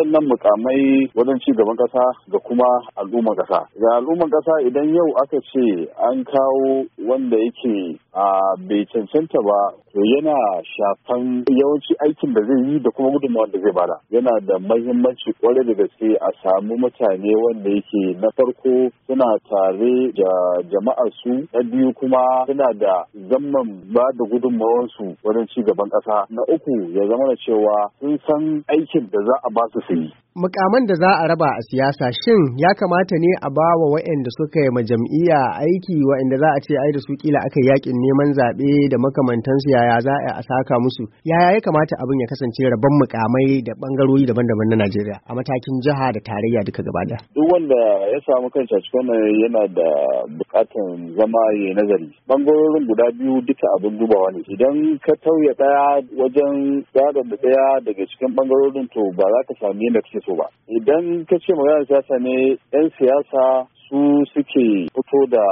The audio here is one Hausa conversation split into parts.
wayannan mukamai wajen ci gaban ƙasa ga kuma al'umman ƙasa. ga al'umman ƙasa idan yau aka ce an kawo wanda yake a bai cancanta ba to yana shafan yawanci aikin da zai yi da kuma gudunmawa da zai bada yana da mahimmanci kwarai da gaske a samu mutane wanda yake na farko suna tare da jama'ar su na biyu kuma suna da zaman ba da gudunmawar su wajen ci gaban ƙasa. na uku ya zama da cewa sun san aikin da za a ba su su yi. Mukaman da za a raba a siyasa shin ya kamata ne a ba wa waɗanda suka yi jam'iyya aiki waɗanda za a ce ai da su kila aka yakin neman zaɓe da makamantansu yaya za a saka musu yaya ya kamata abin ya kasance rabon mukamai da ɓangarori daban-daban na Najeriya a matakin jiha da tarayya duka gaba da. Duk wanda ya samu kansa cikin yana da bukatan zama ya nazari. Ɓangarorin guda biyu duka abin dubawa ne. Idan ka tauye ɗaya wajen tsara da ɗaya daga cikin bangarorin, to ba za ka sami yadda kake so ba idan ka ce maganar siyasa ne yan siyasa su suke fito da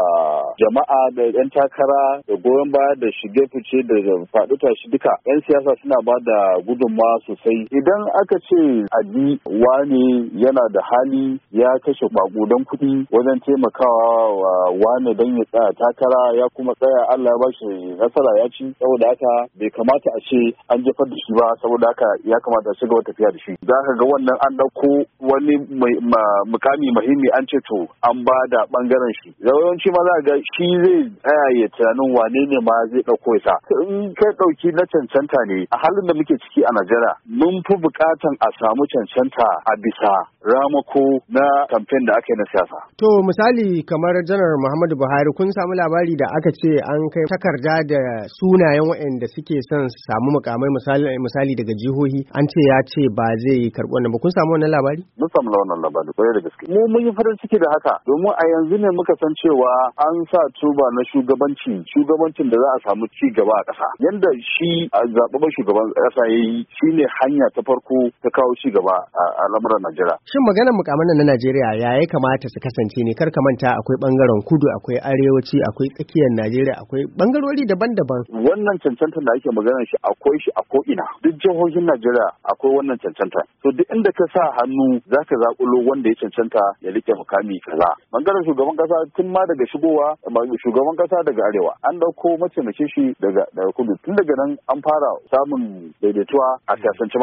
jama'a da 'yan takara da goyon baya da shige fice da faɗi tashi duka 'yan siyasa suna ba da gudunmawa sosai idan aka ce abi wane yana da hali ya kashe don kuɗi wajen taimakawa wa wane don ya tsaya takara ya kuma tsaya Allah ya bashi nasara ya ci saboda haka bai kamata a ce an jefar da shi ba saboda haka ya kamata a ci gaba tafiya da shi za ka ga wannan an ɗauko wani mukami muhimmi an ce to an ba da bangaren shi yawanci ma za ga shi zai tsaya ya tunanin wane ne ma zai dauko ya sa in kai dauki na cancanta ne a halin da muke ciki a Najeriya mun fi bukatan a samu cancanta a bisa ramako na kamfen da aka yi na siyasa to misali kamar janar Muhammadu Buhari kun samu labari da aka ce an kai takarda da sunayen waɗanda suke son su samu mukamai misali daga jihohi an ce ya ce ba zai karɓi wannan ba kun samu wannan labari mun samu wannan labari ko da gaske mu mun yi farin ciki da haka domin a yanzu ne muka san cewa an sa tuba na shugabanci shugabancin da za a samu ci gaba a ƙasa yanda shi a zaɓaɓɓen shugaban ƙasa ya yi shine hanya ta farko ta kawo ci gaba a lamuran Najeriya. Shin maganar mukamman na Najeriya ya ya kamata su kasance ne kar ka manta akwai bangaren kudu akwai arewaci akwai tsakiyar Najeriya akwai bangarori daban-daban. Wannan cancanta da ake maganar shi akwai shi a ko'ina duk jihohin Najeriya akwai wannan cancanta. To duk inda ka sa hannu za ka zaƙulo wanda ya cancanta ya rike mukami kaza. bangaren shugaban kasa tun ma daga shigowa shugaban kasa daga arewa an dauko mace shi daga daga kudu tun daga nan an fara samun daidaituwa a siyasance